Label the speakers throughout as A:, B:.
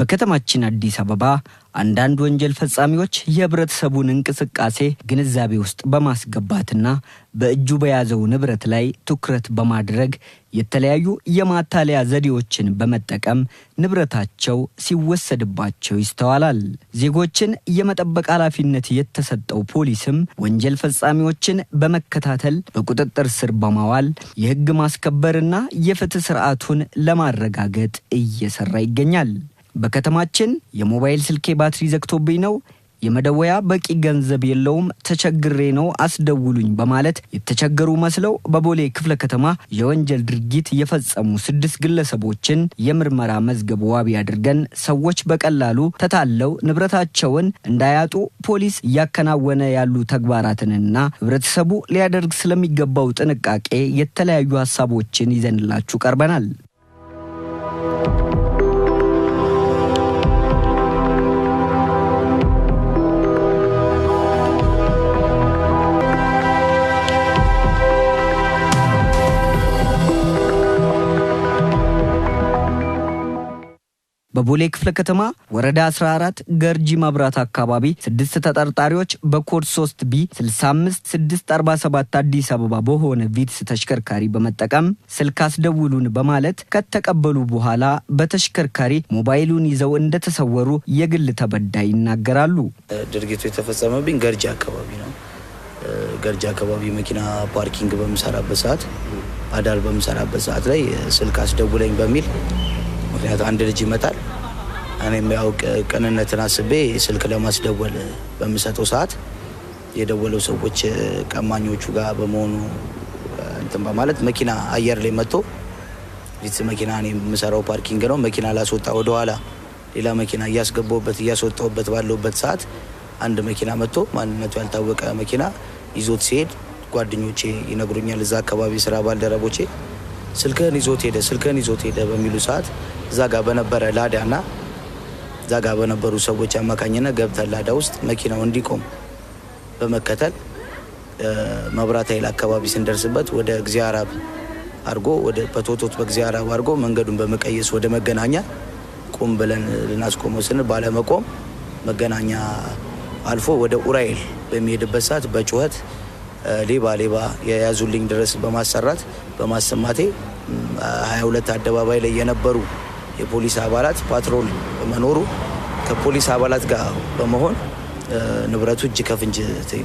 A: በከተማችን አዲስ አበባ አንዳንድ ወንጀል ፈጻሚዎች የህብረተሰቡን እንቅስቃሴ ግንዛቤ ውስጥ በማስገባትና በእጁ በያዘው ንብረት ላይ ትኩረት በማድረግ የተለያዩ የማታለያ ዘዴዎችን በመጠቀም ንብረታቸው ሲወሰድባቸው ይስተዋላል። ዜጎችን የመጠበቅ ኃላፊነት የተሰጠው ፖሊስም ወንጀል ፈጻሚዎችን በመከታተል በቁጥጥር ስር በማዋል የህግ ማስከበርና የፍትህ ስርዓቱን ለማረጋገጥ እየሰራ ይገኛል። በከተማችን የሞባይል ስልኬ ባትሪ ዘግቶብኝ ነው፣ የመደወያ በቂ ገንዘብ የለውም፣ ተቸግሬ ነው አስደውሉኝ በማለት የተቸገሩ መስለው በቦሌ ክፍለ ከተማ የወንጀል ድርጊት የፈጸሙ ስድስት ግለሰቦችን የምርመራ መዝገብ ዋቢ አድርገን ሰዎች በቀላሉ ተታለው ንብረታቸውን እንዳያጡ ፖሊስ እያከናወነ ያሉ ተግባራትንና ህብረተሰቡ ሊያደርግ ስለሚገባው ጥንቃቄ የተለያዩ ሀሳቦችን ይዘንላችሁ ቀርበናል። በቦሌ ክፍለ ከተማ ወረዳ 14 ገርጂ መብራት አካባቢ ስድስት ተጠርጣሪዎች በኮድ 3 ቢ 647 አዲስ አበባ በሆነ ቪትስ ተሽከርካሪ በመጠቀም ስልክ አስደውሉን በማለት ከተቀበሉ በኋላ በተሽከርካሪ ሞባይሉን ይዘው እንደተሰወሩ የግል ተበዳይ ይናገራሉ።
B: ድርጊቱ የተፈጸመብኝ ገርጂ አካባቢ ነው። ገርጂ አካባቢ መኪና ፓርኪንግ በምሰራበት ሰዓት አዳር በምሰራበት ሰዓት ላይ ስልክ አስደውለኝ በሚል ምክንያቱ አንድ ልጅ ይመጣል። እኔም ያው ቅንነትን አስቤ ስልክ ለማስደወል በምሰጠው ሰዓት የደወለው ሰዎች ቀማኞቹ ጋር በመሆኑ እንትን በማለት መኪና አየር ላይ መጥቶ ሊት መኪና እኔ የምሰራው ፓርኪንግ ነው። መኪና ላስወጣ ወደኋላ ሌላ መኪና እያስገባውበት እያስወጣውበት ባለውበት ሰዓት አንድ መኪና መጥቶ ማንነቱ ያልታወቀ መኪና ይዞት ሲሄድ ጓደኞቼ ይነግሩኛል። እዛ አካባቢ ስራ ባልደረቦቼ ስልክህን ይዞት ሄደ፣ ስልክህን ይዞት ሄደ በሚሉ ሰዓት እዛ ጋር በነበረ ላዳና እዛ ጋር በነበሩ ሰዎች አማካኝነት ገብተን ላዳ ውስጥ መኪናው እንዲቆም በመከተል መብራት ኃይል አካባቢ ስንደርስበት ወደ ጊዜ አራብ አድርጎ በቶቶት በጊዜ አድርጎ መንገዱን በመቀየስ ወደ መገናኛ ቁም ብለን ልናስቆመው ስንል ባለመቆም መገናኛ አልፎ ወደ ኡራኤል በሚሄድበት ሰዓት በጩኸት ሌባ ሌባ የያዙልኝ ድረስ በማሰራት በማሰማቴ 22 አደባባይ ላይ የነበሩ የፖሊስ አባላት ፓትሮል በመኖሩ ከፖሊስ አባላት ጋር በመሆን ንብረቱ እጅ ከፍንጅ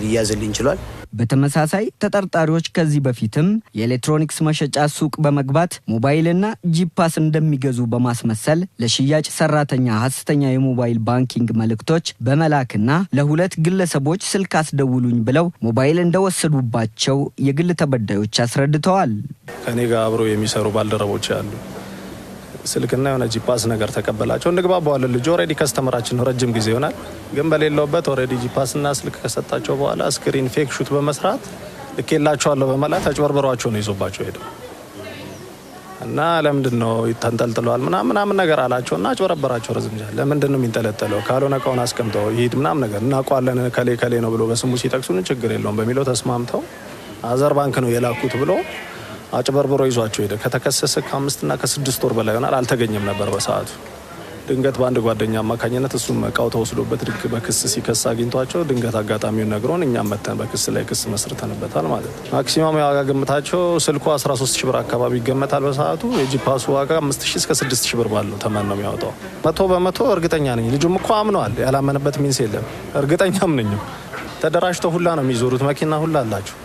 B: ሊያዝልኝ ይችሏል።
A: በተመሳሳይ ተጠርጣሪዎች ከዚህ በፊትም የኤሌክትሮኒክስ መሸጫ ሱቅ በመግባት ሞባይልና ጂፓስ እንደሚገዙ በማስመሰል ለሽያጭ ሰራተኛ ሀሰተኛ የሞባይል ባንኪንግ መልእክቶች በመላክና ለሁለት ግለሰቦች ስልክ አስደውሉኝ ብለው ሞባይል እንደወሰዱባቸው የግል ተበዳዮች አስረድተዋል።
C: ከኔ ጋር አብረው የሚሰሩ ባልደረቦች አሉ ስልክና የሆነ ጂፓስ ነገር ተቀበላቸው። እንግባባዋለን። ልጁ ኦልሬዲ ከስተመራችን ነው፣ ረጅም ጊዜ ይሆናል። ግን በሌለውበት ኦልሬዲ ጂፓስና ስልክ ከሰጣቸው በኋላ ስክሪን ፌክ ሹት በመስራት ልኬላቸዋለሁ በመላት አጭበርበሯቸው ነው ይዞባቸው ሄደው እና ለምንድን ነው ይተንጠልጥለዋል ምናምን ምናምን ነገር አላቸው እና አጭበረበራቸው። ረዝምጃ ለምንድን ነው የሚንጠለጠለው? ካልሆነ እቃውን አስቀምጠው ይሄድ ምናምን ነገር እናውቀዋለን ከሌ ከሌ ነው ብሎ በስሙ ሲጠቅሱን ችግር የለውም በሚለው ተስማምተው አዘር ባንክ ነው የላኩት ብሎ አጭበርብሮ ይዟቸው ሄደ። ከተከሰሰ ከአምስትና ከስድስት ወር በላይ ሆናል። አልተገኘም ነበር በሰዓቱ። ድንገት በአንድ ጓደኛ አማካኝነት እሱም እቃው ተወስዶበት ድግ በክስ ሲከስ አግኝቷቸው ድንገት አጋጣሚውን ነግሮን እኛም መተን በክስ ላይ ክስ መስርተንበታል ማለት ነው። ማክሲማም የዋጋ ግምታቸው ስልኩ 13 ሺህ ብር አካባቢ ይገመታል በሰዓቱ። የጂፓሱ ዋጋ 5 ሺህ እስከ 6 ሺህ ብር ባለው ተመን ነው የሚያወጣው። መቶ በመቶ እርግጠኛ ነኝ። ልጁም እኮ አምነዋል። ያላመነበት ሚንስ የለም። እርግጠኛም ነኝም። ተደራጅተው ሁላ ነው የሚዞሩት። መኪና ሁላ አላቸው።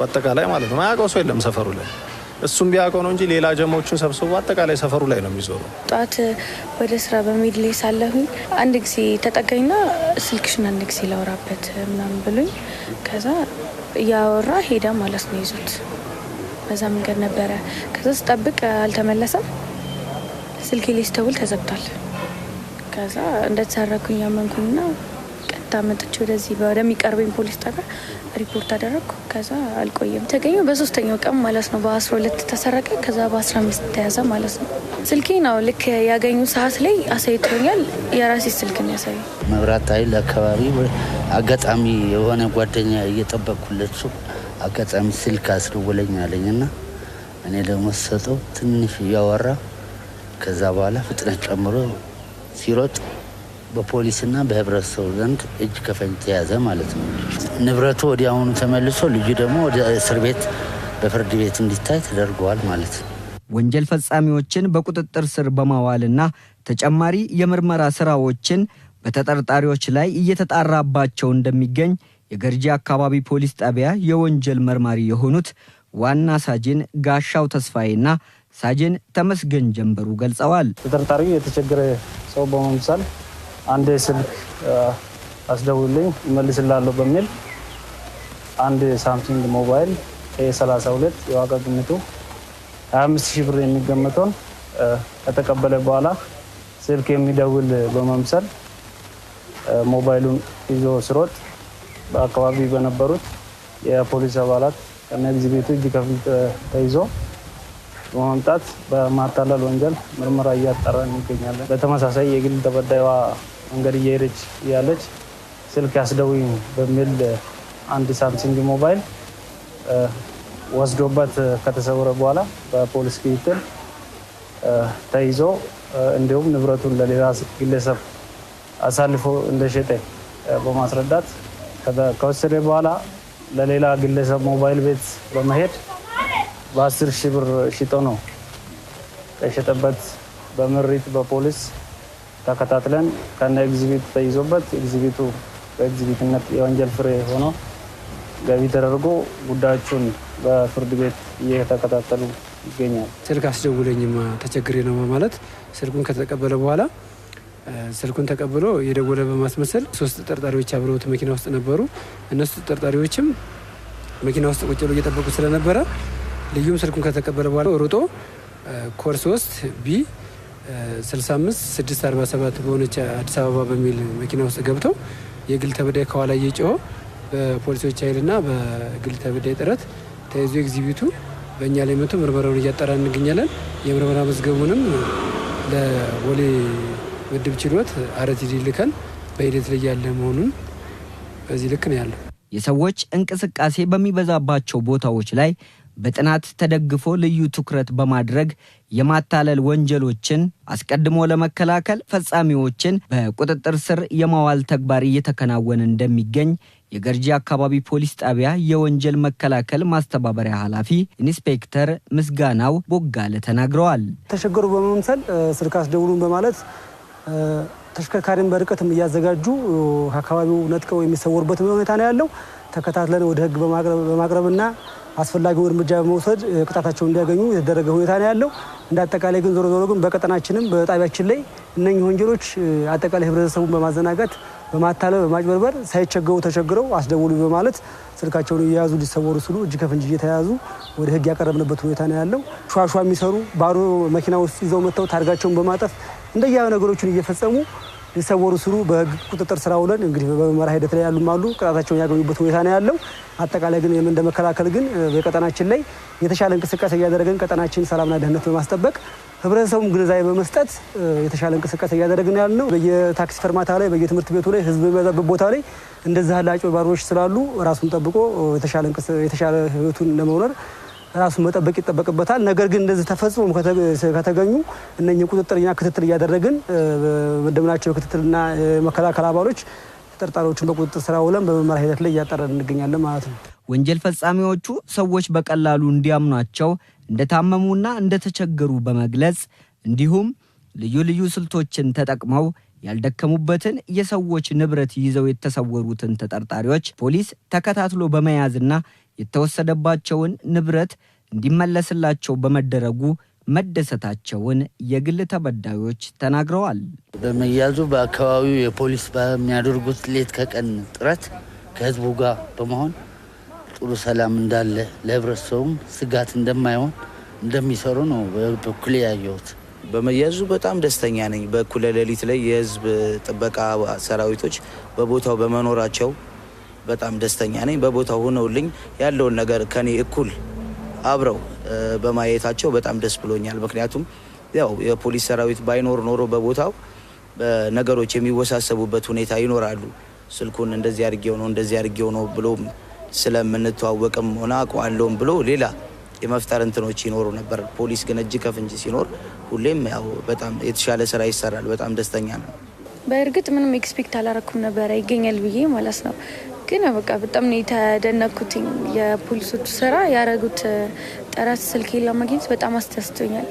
C: በአጠቃላይ ማለት ነው። ማያውቀው ሰው የለም ሰፈሩ ላይ እሱም ቢያውቀው ነው እንጂ ሌላ ጀማዎችን ሰብስቦ አጠቃላይ ሰፈሩ ላይ ነው የሚዞሩ።
D: ጠዋት ወደ ስራ በሚሄድ ላይ ሳለሁኝ አንድ ጊዜ ተጠጋኝና ስልክሽን አንድ ጊዜ ላወራበት ምናምን ብሎኝ ከዛ እያወራ ሄዳ ማለት ነው ይዞት በዛ መንገድ ነበረ። ከዛ ስጠብቅ አልተመለሰም። ስልኬ ሊስተውል ተዘግቷል። ከዛ እንደተሰረኩኝ ያመንኩኝና መጥቼ ወደዚህ ወደሚቀርበኝ ፖሊስ ጣቢያ ሪፖርት አደረግኩ። ከዛ አልቆየም ተገኘ። በሶስተኛው ቀን ማለት ነው። በአስራ ሁለት ተሰረቀ፣ ከዛ በአስራ አምስት ተያዘ ማለት ነው። ስልኬ ነው ልክ ያገኙ ሰዓት ላይ አሳይቶኛል። የራሴ ስልክ ነው ያሳዩ።
B: መብራት ኃይል አካባቢ አጋጣሚ የሆነ ጓደኛ እየጠበቅኩለችው አጋጣሚ ስልክ አስደወለኝ አለኝ እና እኔ ደግሞ ሰጠው ትንሽ እያወራ ከዛ በኋላ ፍጥነት ጨምሮ ሲሮጥ በፖሊስና በህብረተሰቡ ዘንድ እጅ ከፈንጅ ተያዘ ማለት ነው። ንብረቱ ወዲያውኑ ተመልሶ ልጁ ደግሞ ወደ እስር ቤት በፍርድ ቤት እንዲታይ ተደርገዋል ማለት ነው።
A: ወንጀል ፈጻሚዎችን በቁጥጥር ስር በማዋልና ተጨማሪ የምርመራ ስራዎችን በተጠርጣሪዎች ላይ እየተጣራባቸው እንደሚገኝ የገርጂ አካባቢ ፖሊስ ጣቢያ የወንጀል መርማሪ የሆኑት ዋና ሳጅን ጋሻው ተስፋዬና ሳጅን ተመስገን ጀንበሩ ገልጸዋል።
E: ተጠርጣሪው የተቸገረ ሰው በመምሳል አንድ ስልክ አስደውልኝ ይመልስላለሁ በሚል አንድ ሳምሰንግ ሞባይል ኤ32 የዋጋ ግምቱ 25 ሺህ ብር የሚገመተውን ከተቀበለ በኋላ ስልክ የሚደውል በመምሰል ሞባይሉን ይዞ ስሮጥ በአካባቢ በነበሩት የፖሊስ አባላት ከነግዚቤቱ እጅ ከፍንጅ ተይዞ በማምጣት በማታለል ወንጀል ምርመራ እያጠራ እንገኛለን። በተመሳሳይ የግል ተበዳይዋ መንገድ እየሄደች ያለች ስልክ ያስደውኝ በሚል አንድ ሳምሰንግ ሞባይል ወስዶበት ከተሰወረ በኋላ በፖሊስ ክትትል ተይዞ እንዲሁም ንብረቱን ለሌላ ግለሰብ አሳልፎ እንደሸጠ በማስረዳት ከወሰደ በኋላ ለሌላ ግለሰብ ሞባይል ቤት በመሄድ በአስር ሺህ ብር ሽጦ ነው ከሸጠበት በምሪት በፖሊስ ተከታትለን ከነ ኤግዚቢት ተይዞበት ኤግዚቢቱ በኤግዚቢትነት የወንጀል ፍሬ ሆኖ ገቢ ተደርጎ ጉዳዮቹን በፍርድ ቤት እየተከታተሉ ይገኛል።
F: ስልክ አስደውለኝም ተቸግሬ ነው ማለት ስልኩን ከተቀበለ በኋላ ስልኩን ተቀብሎ የደወለ በማስመሰል ሶስት ተጠርጣሪዎች አብረውት መኪና ውስጥ ነበሩ። እነሱ ተጠርጣሪዎችም መኪና ውስጥ ቁጭ ብሎ እየጠበቁ ስለነበረ ልዩም ስልኩን ከተቀበለ በኋላ ሮጦ ኮርስ ውስጥ ቢ 65 647 በሆነች አዲስ አበባ በሚል መኪና ውስጥ ገብተው የግል ተበዳይ ከኋላ እየጮኸ በፖሊሶች ኃይልና በግል ተበዳይ ጥረት ተይዞ ኤግዚቢቱ በእኛ ላይ መቶ ምርመራውን እያጠራ እንገኛለን። የምርመራ መዝገቡንም ለቦሌ ምድብ ችሎት አረት ይልካል በሂደት ላይ ያለ መሆኑን በዚህ ልክ ነው ያለው።
A: የሰዎች እንቅስቃሴ በሚበዛባቸው ቦታዎች ላይ በጥናት ተደግፎ ልዩ ትኩረት በማድረግ የማታለል ወንጀሎችን አስቀድሞ ለመከላከል ፈጻሚዎችን በቁጥጥር ስር የማዋል ተግባር እየተከናወነ እንደሚገኝ የገርጂ አካባቢ ፖሊስ ጣቢያ የወንጀል መከላከል ማስተባበሪያ ኃላፊ ኢንስፔክተር ምስጋናው ቦጋለ ተናግረዋል።
G: ተሸገሩ በመምሰል ስልክ አስደውሉን በማለት ተሽከርካሪን በርቀትም እያዘጋጁ ከአካባቢው ነጥቀው የሚሰወሩበት ሁኔታ ነው ያለው። ተከታትለን ወደ ሕግ በማቅረብና አስፈላጊው እርምጃ በመውሰድ ቅጣታቸው እንዲያገኙ የተደረገ ሁኔታ ነው ያለው። እንደ አጠቃላይ ግን ዞሮ ዞሮ ግን በቀጠናችንም በጣቢያችን ላይ እነኚህ ወንጀሎች አጠቃላይ ህብረተሰቡን በማዘናጋት በማታለል በማጭበርበር ሳይቸገሩ ተቸግረው አስደውሉ በማለት ስልካቸውን እየያዙ ሊሰወሩ ስሉ እጅ ከፍንጅ እየተያዙ ወደ ህግ ያቀረብንበት ሁኔታ ነው ያለው። ሸሸ የሚሰሩ ባዶ መኪና ውስጥ ይዘው መጥተው ታርጋቸውን በማጠፍ እንደያ ነገሮችን እየፈጸሙ ሊሰወሩ ስሩ በህግ ቁጥጥር ስራ ውለን እንግዲህ በመመራ ሂደት ላይ ያሉም አሉ ቅጣታቸውን ያገኙበት ሁኔታ ነው ያለው። አጠቃላይ ግን የምን እንደመከላከል ግን በቀጠናችን ላይ የተሻለ እንቅስቃሴ እያደረግን ቀጠናችን ሰላምና ደህንነት በማስጠበቅ ህብረተሰቡም ግንዛቤ በመስጠት የተሻለ እንቅስቃሴ እያደረግን ያለ ነው። በየታክሲ ፈርማታ ላይ፣ በየትምህርት ቤቱ ላይ፣ ህዝብ በሚበዛበት ቦታ ላይ እንደዚህ ያለ አጭበርባሪዎች ስላሉ ራሱን ጠብቆ የተሻለ ህይወቱን ለመውረር ራሱን መጠበቅ ይጠበቅበታል። ነገር ግን እንደዚህ ተፈጽሞ ከተገኙ እነኝህ ቁጥጥርና ክትትል እያደረግን መደምናቸው የክትትልና መከላከል አባሎች ተጠርጣሪዎችን በቁጥጥር ስራ ውለን በመመራ ሂደት ላይ እያጠረን እንገኛለን ማለት ነው።
A: ወንጀል ፈጻሚዎቹ ሰዎች በቀላሉ እንዲያምኗቸው እንደታመሙና እንደተቸገሩ በመግለጽ እንዲሁም ልዩ ልዩ ስልቶችን ተጠቅመው ያልደከሙበትን የሰዎች ንብረት ይዘው የተሰወሩትን ተጠርጣሪዎች ፖሊስ ተከታትሎ በመያዝና የተወሰደባቸውን ንብረት እንዲመለስላቸው በመደረጉ መደሰታቸውን የግል ተበዳዮች ተናግረዋል።
B: በመያዙ በአካባቢው የፖሊስ በሚያደርጉት ሌት ከቀን ጥረት ከህዝቡ ጋር በመሆን ጥሩ ሰላም እንዳለ ለህብረተሰቡም ስጋት እንደማይሆን እንደሚሰሩ ነው በኩል ያየሁት። በመያዙ በጣም ደስተኛ ነኝ። በእኩለ ሌሊት ላይ የህዝብ ጥበቃ ሰራዊቶች በቦታው በመኖራቸው በጣም ደስተኛ ነኝ። በቦታው ሆነውልኝ ያለውን ነገር ከኔ እኩል አብረው በማየታቸው በጣም ደስ ብሎኛል። ምክንያቱም ያው የፖሊስ ሰራዊት ባይኖር ኖሮ በቦታው ነገሮች የሚወሳሰቡበት ሁኔታ ይኖራሉ። ስልኩን እንደዚህ አድርጌው ነው እንደዚህ አድርጌው ነው ብሎም ስለምንተዋወቅም ሆነ አውቀዋለሁም ብሎ ሌላ የመፍጠር እንትኖች ይኖሩ ነበር። ፖሊስ ግን እጅ ከፍንጅ ሲኖር ሁሌም ያው በጣም የተሻለ ስራ ይሰራል። በጣም ደስተኛ ነው።
D: በእርግጥ ምንም ኤክስፔክት አላረኩም ነበረ ይገኛል ብዬ ማለት ነው። ግን በቃ በጣም ነው የተደነኩትኝ። የፖሊሶቹ ስራ ያረጉት ጥረት ስልኬን ለማግኘት በጣም አስደስቶኛል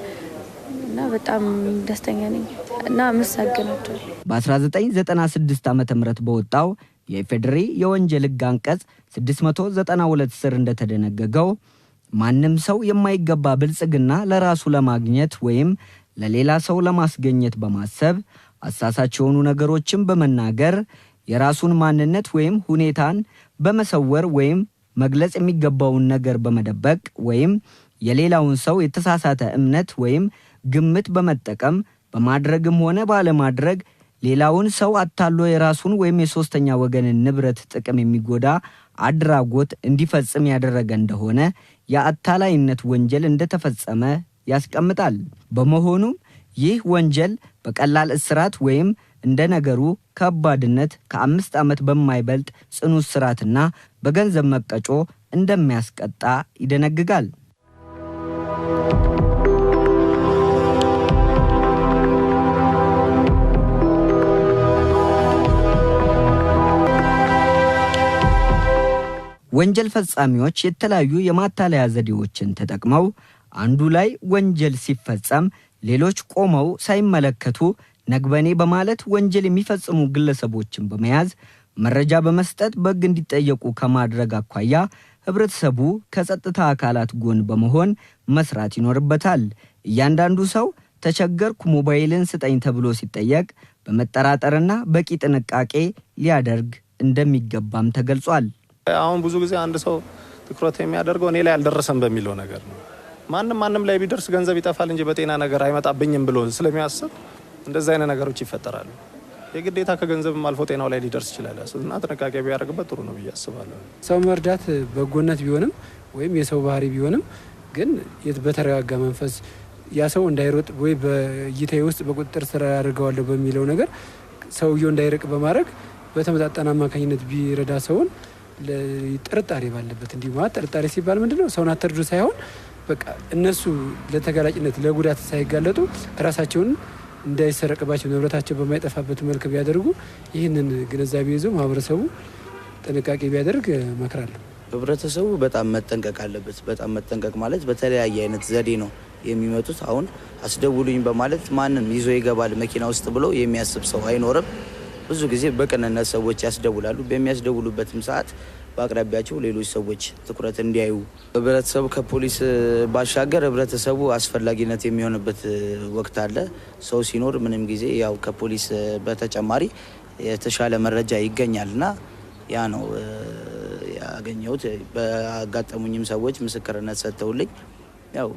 D: እና በጣም ደስተኛ ነኝ እና አመሰግናቸዋል።
A: በ1996 ዓ ም በወጣው የኢፌዴሪ የወንጀል ህግ አንቀጽ 692 ስር እንደተደነገገው ማንም ሰው የማይገባ ብልጽግና ለራሱ ለማግኘት ወይም ለሌላ ሰው ለማስገኘት በማሰብ አሳሳች የሆኑ ነገሮችን በመናገር የራሱን ማንነት ወይም ሁኔታን በመሰወር ወይም መግለጽ የሚገባውን ነገር በመደበቅ ወይም የሌላውን ሰው የተሳሳተ እምነት ወይም ግምት በመጠቀም በማድረግም ሆነ ባለማድረግ ሌላውን ሰው አታሎ የራሱን ወይም የሶስተኛ ወገንን ንብረት ጥቅም የሚጎዳ አድራጎት እንዲፈጽም ያደረገ እንደሆነ የአታላይነት ወንጀል እንደተፈጸመ ያስቀምጣል። በመሆኑም ይህ ወንጀል በቀላል እስራት ወይም እንደ ነገሩ ከባድነት ከአምስት ዓመት በማይበልጥ ጽኑ እስራትና በገንዘብ መቀጮ እንደሚያስቀጣ ይደነግጋል። ወንጀል ፈጻሚዎች የተለያዩ የማታለያ ዘዴዎችን ተጠቅመው አንዱ ላይ ወንጀል ሲፈጸም ሌሎች ቆመው ሳይመለከቱ ነግበኔ በማለት ወንጀል የሚፈጽሙ ግለሰቦችን በመያዝ መረጃ በመስጠት በሕግ እንዲጠየቁ ከማድረግ አኳያ ህብረተሰቡ ከጸጥታ አካላት ጎን በመሆን መስራት ይኖርበታል። እያንዳንዱ ሰው ተቸገርኩ ሞባይልን ስጠኝ ተብሎ ሲጠየቅ በመጠራጠርና በቂ ጥንቃቄ ሊያደርግ እንደሚገባም ተገልጿል።
H: አሁን ብዙ ጊዜ አንድ ሰው ትኩረት የሚያደርገው እኔ ላይ አልደረሰም በሚለው ነገር ነው። ማንም ማንም ላይ ቢደርስ ገንዘብ ይጠፋል እንጂ በጤና ነገር አይመጣብኝም ብሎ ስለሚያስብ እንደዚህ አይነት ነገሮች ይፈጠራሉ። የግዴታ ከገንዘብም አልፎ ጤናው ላይ ሊደርስ ይችላል እና ጥንቃቄ ቢያደርግበት ጥሩ ነው ብዬ አስባለሁ።
I: ሰው መርዳት በጎነት ቢሆንም ወይም የሰው ባህሪ ቢሆንም ግን በተረጋጋ መንፈስ ያ ሰው እንዳይሮጥ ወይ በእይታዬ ውስጥ በቁጥጥር ስራ ያደርገዋለሁ በሚለው ነገር ሰውየው እንዳይርቅ በማድረግ በተመጣጠነ አማካኝነት ቢረዳ ሰውን ጥርጣሬ ባለበት እንዲህ ማለት ጥርጣሬ ሲባል ምንድን ነው? ሰውን አትርዱ ሳይሆን በቃ እነሱ ለተጋላጭነት ለጉዳት ሳይጋለጡ ራሳቸውን እንዳይሰረቅባቸው ንብረታቸው በማይጠፋበት መልክ ቢያደርጉ ይህንን ግንዛቤ ይዞ ማህበረሰቡ ጥንቃቄ ቢያደርግ እመክራለሁ።
B: ህብረተሰቡ በጣም መጠንቀቅ አለበት። በጣም መጠንቀቅ ማለት በተለያየ አይነት ዘዴ ነው የሚመጡት። አሁን አስደውሉኝ በማለት ማንም ይዞ ይገባል መኪና ውስጥ ብሎ የሚያስብ ሰው አይኖርም። ብዙ ጊዜ በቅንነት ሰዎች ያስደውላሉ። በሚያስደውሉበትም ሰዓት በአቅራቢያቸው ሌሎች ሰዎች ትኩረት እንዲያዩ ህብረተሰቡ ከፖሊስ ባሻገር ህብረተሰቡ አስፈላጊነት የሚሆንበት ወቅት አለ። ሰው ሲኖር ምንም ጊዜ ያው ከፖሊስ በተጨማሪ የተሻለ መረጃ ይገኛል እና ያ ነው ያገኘሁት። በአጋጠሙኝም ሰዎች ምስክርነት ሰጥተውልኝ ያው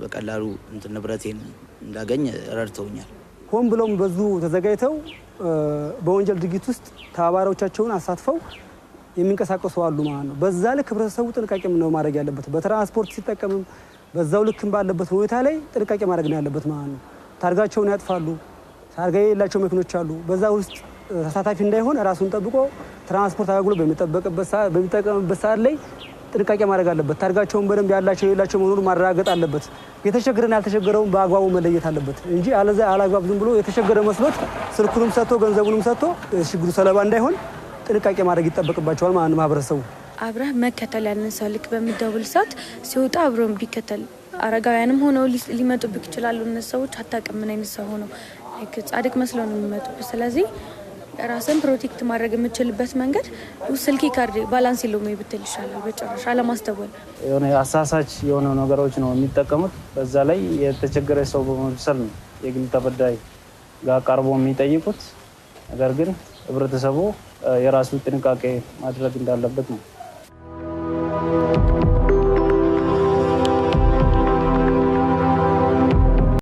B: በቀላሉ እንትን ንብረቴን እንዳገኝ ረድተውኛል።
J: ሆን ብለውም በዙ ተዘጋጅተው በወንጀል ድርጊት ውስጥ ተባባሪዎቻቸውን አሳትፈው የሚንቀሳቀሱ አሉ ማለት ነው። በዛ ልክ ህብረተሰቡ ጥንቃቄ ነው ማድረግ ያለበት። በትራንስፖርት ሲጠቀምም በዛው ልክም ባለበት ሁኔታ ላይ ጥንቃቄ ማድረግ ነው ያለበት ማለት ነው። ታርጋቸውን ያጥፋሉ። ታርጋ የሌላቸው መኪኖች አሉ። በዛ ውስጥ ተሳታፊ እንዳይሆን ራሱን ጠብቆ ትራንስፖርት አገልግሎት በሚጠቀምበት ሰዓት ላይ ጥንቃቄ ማድረግ አለበት። ታርጋቸውን በደንብ ያላቸው የሌላቸው መኖሩ ማረጋገጥ አለበት። የተቸገረን ያልተቸገረውን በአግባቡ መለየት አለበት እንጂ አለዛ አላግባብ ዝም ብሎ የተቸገረ መስሎት ስልኩንም ሰጥቶ ገንዘቡንም ሰጥቶ ችግሩ ሰለባ እንዳይሆን ጥንቃቄ ማድረግ ይጠበቅባቸዋል ማለት ማህበረሰቡ።
D: አብረህ መከተል ያንን ሰው ልክ በሚደውል ሰዓት ሲወጣ አብረን ቢከተል አረጋውያንም ሆነው ሊመጡብክ ይችላሉ። እነዚህ ሰዎች አታውቅም ምን አይነት ሰው ሆነው ጻድቅ መስለው ነው የሚመጡብ። ስለዚህ ራስን ፕሮቴክት ማድረግ የምችልበት መንገድ ስልኬ ካርድ ባላንስ የለውም ብትል ይሻላል። በጭራሽ አለማስተወል
E: የሆነ አሳሳች የሆነ ነገሮች ነው የሚጠቀሙት። በዛ ላይ የተቸገረ ሰው በመብሰል ነው የግል ተበዳይ ጋር ቀርቦ የሚጠይቁት። ነገር ግን ህብረተሰቡ የራሱ ጥንቃቄ ማድረግ እንዳለበት ነው።